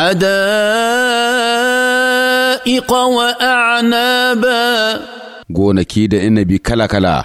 حدائق وأعنابا gonaki da inabi kala-kala